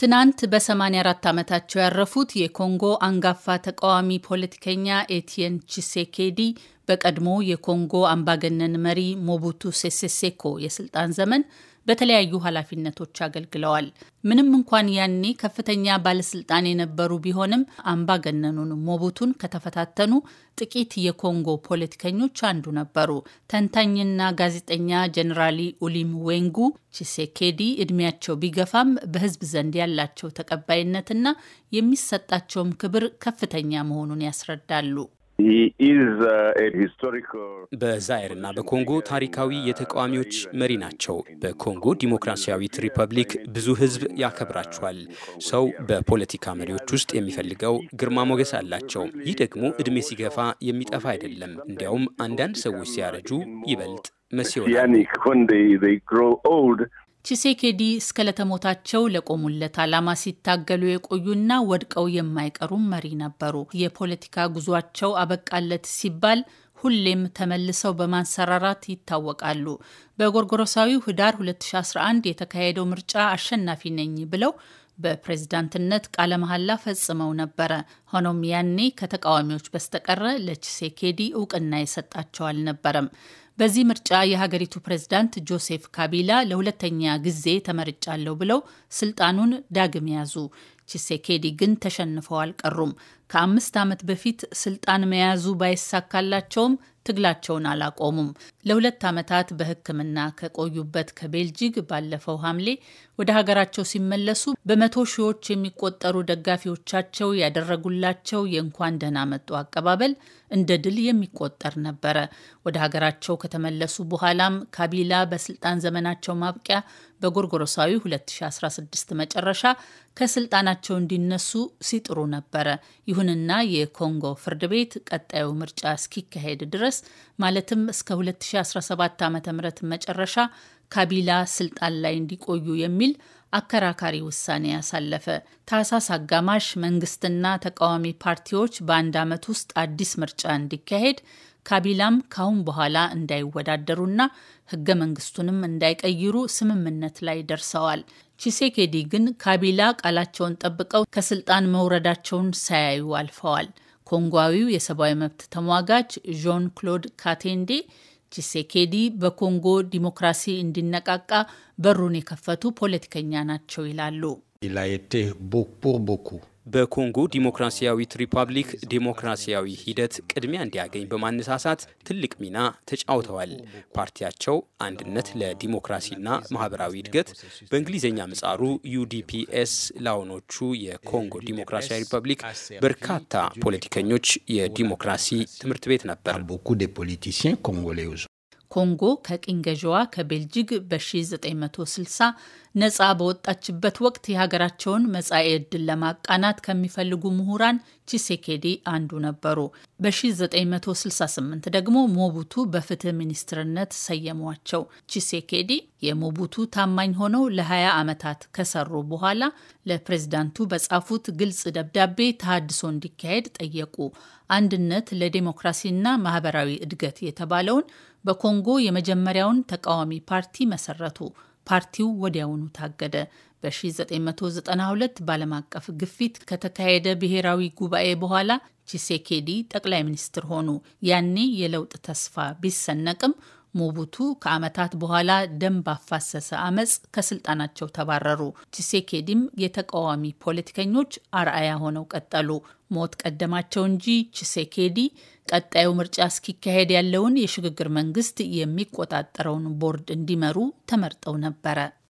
ትናንት በ84 ዓመታቸው ያረፉት የኮንጎ አንጋፋ ተቃዋሚ ፖለቲከኛ ኤቲየን ቺሴኬዲ በቀድሞ የኮንጎ አምባገነን መሪ ሞቡቱ ሴሴሴኮ የስልጣን ዘመን በተለያዩ ኃላፊነቶች አገልግለዋል። ምንም እንኳን ያኔ ከፍተኛ ባለስልጣን የነበሩ ቢሆንም አምባገነኑን ሞቡቱን ከተፈታተኑ ጥቂት የኮንጎ ፖለቲከኞች አንዱ ነበሩ። ተንታኝና ጋዜጠኛ ጀኔራሊ ኡሊም ዌንጉ ቺሴኬዲ እድሜያቸው ቢገፋም በህዝብ ዘንድ ያላቸው ተቀባይነትና የሚሰጣቸውም ክብር ከፍተኛ መሆኑን ያስረዳሉ። Uh, በዛይርና በኮንጎ ታሪካዊ የተቃዋሚዎች መሪ ናቸው። በኮንጎ ዲሞክራሲያዊት ሪፐብሊክ ብዙ ሕዝብ ያከብራቸዋል። ሰው በፖለቲካ መሪዎች ውስጥ የሚፈልገው ግርማ ሞገስ አላቸው። ይህ ደግሞ እድሜ ሲገፋ የሚጠፋ አይደለም። እንዲያውም አንዳንድ ሰዎች ሲያረጁ ይበልጥ ቺሴኬዲ እስከ ለተሞታቸው ለቆሙለት ዓላማ ሲታገሉ የቆዩና ወድቀው የማይቀሩ መሪ ነበሩ። የፖለቲካ ጉዟቸው አበቃለት ሲባል ሁሌም ተመልሰው በማንሰራራት ይታወቃሉ። በጎርጎሮሳዊው ህዳር 2011 የተካሄደው ምርጫ አሸናፊ ነኝ ብለው በፕሬዝዳንትነት ቃለ መሐላ ፈጽመው ነበረ። ሆኖም ያኔ ከተቃዋሚዎች በስተቀረ ለቺሴኬዲ እውቅና የሰጣቸው አልነበረም። በዚህ ምርጫ የሀገሪቱ ፕሬዝዳንት ጆሴፍ ካቢላ ለሁለተኛ ጊዜ ተመርጫለሁ ብለው ስልጣኑን ዳግም ያዙ። ቺሴኬዲ ግን ተሸንፈው አልቀሩም። ከአምስት ዓመት በፊት ስልጣን መያዙ ባይሳካላቸውም ትግላቸውን አላቆሙም። ለሁለት ዓመታት በሕክምና ከቆዩበት ከቤልጂግ ባለፈው ሐምሌ ወደ ሀገራቸው ሲመለሱ በመቶ ሺዎች የሚቆጠሩ ደጋፊዎቻቸው ያደረጉላቸው የእንኳን ደህና መጡ አቀባበል እንደ ድል የሚቆጠር ነበረ። ወደ ሀገራቸው ከተመለሱ በኋላም ካቢላ በስልጣን ዘመናቸው ማብቂያ በጎርጎሮሳዊ 2016 መጨረሻ ከስልጣናቸው እንዲነሱ ሲጥሩ ነበረ። ይሁንና የኮንጎ ፍርድ ቤት ቀጣዩ ምርጫ እስኪካሄድ ድረስ ማለትም እስከ 2017 ዓ ም መጨረሻ ካቢላ ስልጣን ላይ እንዲቆዩ የሚል አከራካሪ ውሳኔ ያሳለፈ። ታህሳስ አጋማሽ መንግስትና ተቃዋሚ ፓርቲዎች በአንድ ዓመት ውስጥ አዲስ ምርጫ እንዲካሄድ ካቢላም ካሁን በኋላ እንዳይወዳደሩና ህገ መንግስቱንም እንዳይቀይሩ ስምምነት ላይ ደርሰዋል። ቺሴኬዲ ግን ካቢላ ቃላቸውን ጠብቀው ከስልጣን መውረዳቸውን ሳያዩ አልፈዋል። ኮንጓዊው የሰብአዊ መብት ተሟጋች ዦን ክሎድ ካቴንዴ ቺሴኬዲ በኮንጎ ዲሞክራሲ እንዲነቃቃ በሩን የከፈቱ ፖለቲከኛ ናቸው ይላሉ። ኢላየቴ ቦክ ፖር ቦኩ በኮንጎ ዲሞክራሲያዊት ሪፐብሊክ ዲሞክራሲያዊ ሂደት ቅድሚያ እንዲያገኝ በማነሳሳት ትልቅ ሚና ተጫውተዋል። ፓርቲያቸው አንድነት ለዲሞክራሲና ማህበራዊ እድገት በእንግሊዝኛ ምጻሩ ዩዲፒኤስ ላሆኖቹ የኮንጎ ዲሞክራሲያዊ ሪፐብሊክ በርካታ ፖለቲከኞች የዲሞክራሲ ትምህርት ቤት ነበር። ኮንጎ ከቅኝ ገዢዋ ከቤልጂግ በ1960 ነፃ በወጣችበት ወቅት የሀገራቸውን መጻኤ ዕድል ለማቃናት ከሚፈልጉ ምሁራን ቺሴኬዲ አንዱ ነበሩ። በ1968 ደግሞ ሞቡቱ በፍትህ ሚኒስትርነት ሰየሟቸው። ቺሴኬዲ የሞቡቱ ታማኝ ሆነው ለ20 ዓመታት ከሰሩ በኋላ ለፕሬዝዳንቱ በጻፉት ግልጽ ደብዳቤ ተሃድሶ እንዲካሄድ ጠየቁ። አንድነት ለዴሞክራሲና ማህበራዊ እድገት የተባለውን በኮንጎ የመጀመሪያውን ተቃዋሚ ፓርቲ መሰረቱ። ፓርቲው ወዲያውኑ ታገደ። በ1992 በዓለም አቀፍ ግፊት ከተካሄደ ብሔራዊ ጉባኤ በኋላ ቺሴኬዲ ጠቅላይ ሚኒስትር ሆኑ። ያኔ የለውጥ ተስፋ ቢሰነቅም ሞቡቱ ከዓመታት በኋላ ደም ባፋሰሰ አመፅ ከስልጣናቸው ተባረሩ። ቺሴኬዲም የተቃዋሚ ፖለቲከኞች አርአያ ሆነው ቀጠሉ። ሞት ቀደማቸው እንጂ ቺሴኬዲ ቀጣዩ ምርጫ እስኪካሄድ ያለውን የሽግግር መንግስት የሚቆጣጠረውን ቦርድ እንዲመሩ ተመርጠው ነበረ።